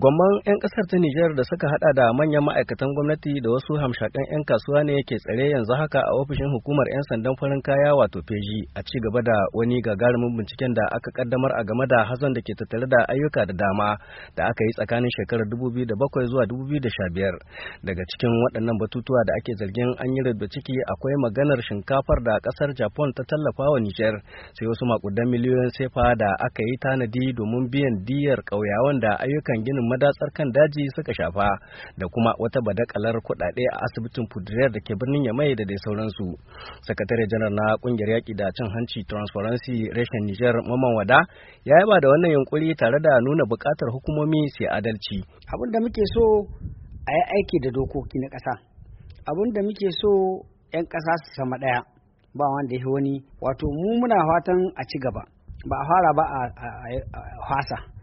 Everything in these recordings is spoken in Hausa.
Gwamman 'yan kasar ta Nijar da suka hada da manyan ma'aikatan gwamnati da wasu hamshakan 'yan kasuwa ne ke tsare yanzu haka a ofishin hukumar 'yan sandan farin kaya wato feji a ci gaba da wani gagarumin binciken da aka kaddamar a game da hazon da ke tattare da ayyuka da dama da aka yi tsakanin shekarar 2007 zuwa 2015. Daga cikin waɗannan batutuwa da ake zargin an yi da ciki akwai maganar shinkafar da kasar Japan ta tallafa wa Nijar sai wasu makudan miliyoyin sefa da aka yi tanadi domin biyan diyar ƙauyawan da ayyukan ginin asibitin madatsar kan daji suka shafa da kuma wata badakalar kuɗaɗe a asibitin fudiriyar da ke birnin yamai da dai sauransu sakatare janar na ƙungiyar yaƙi da cin hanci transparency reshen niger maman wada ya yaba da wannan yunkuri tare da nuna buƙatar hukumomi su adalci abin da muke so a yi aiki da dokoki na ƙasa abin da muke so 'yan ƙasa su sama ɗaya ba wanda ya wani wato mu muna fatan a ci gaba ba a fara ba a hasa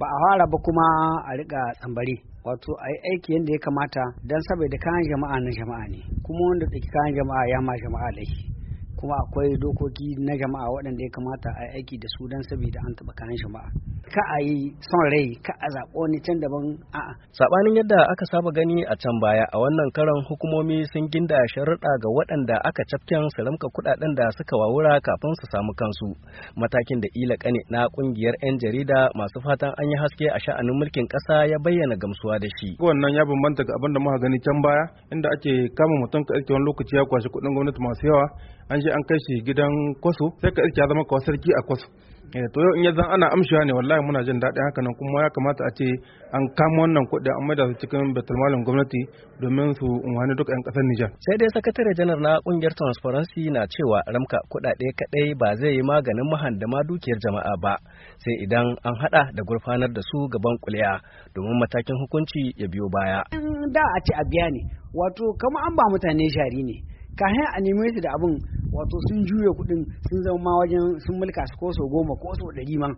ba a fara ba kuma a riƙa tsambari wato a yi aiki yadda ya kamata don saboda kayan jama'a na jama'a ne kuma wanda tsaki kayan jama'a ya ma jama'a laifi kuma akwai dokoki na jama'a waɗanda ya kamata a yi aiki da su don saboda an taɓa kayan jama'a ka a yi son rai ka a zaɓo ni can daban a'a saɓanin yadda aka saba gani a can baya a wannan karan hukumomi sun ginda sharuɗa ga waɗanda aka cafken su kuɗaɗen da suka wawura kafin su samu kansu matakin da ila ƙane na ƙungiyar 'yan jarida masu fatan an yi haske a sha'anin mulkin ƙasa ya bayyana gamsuwa da shi wannan ya bambanta ga abin da muka gani can baya inda ake kama mutum ka ake wani lokaci ya kwashi kuɗin gwamnati masu yawa an je an kai shi gidan kwaso sai ka ya zama kawai sarki a kwaso eh, to yau in ya zan ana amshiwa ne wallahi muna jin daɗin haka nan kuma ya kamata a ce an kama wannan kuɗi an maida su cikin betulmalin gwamnati domin su unwani duka 'yan ƙasar Nijar. Sai dai sakatare janar na ƙungiyar Transparency na cewa ramka kuɗaɗe kaɗai ba zai yi maganin mahandama dukiyar jama'a ba sai idan an haɗa da gurfanar da su gaban kuliya domin matakin hukunci ya biyo baya. Da a ce a biya ne wato kama an ba mutane shari ne kahin a nemi da abin wato sun juya kuɗin sun zama ma wajen sun mulka su ko sau goma ko sau ɗari ma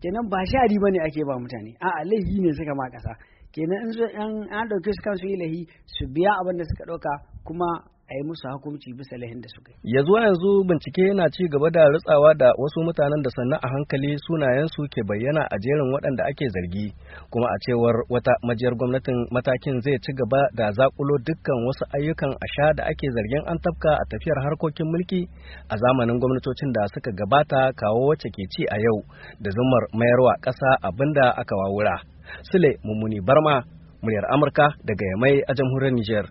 kenan ba shari ba ne ake ba mutane a'a laifi ne suka ma kasa kenan in an ɗauke su kansu yi lahi su biya abin da suka ɗauka kuma a yi musu hukunci bisa lahin da suka yi. Ya zuwa yanzu bincike yana ci gaba da rutsawa da wasu mutanen da sannan a hankali sunayensu ke bayyana a jerin waɗanda ake zargi kuma a cewar wata majiyar gwamnatin matakin zai ci gaba da zakulo dukkan wasu ayyukan a sha da ake zargin an tafka a tafiyar harkokin mulki a zamanin gwamnatocin da suka gabata kawo wacce ke ci a yau da zumar mayarwa ƙasa abinda aka wawura. Sule Mummuni Barma, muryar Amurka daga Yamai a jamhuriyar Nijar.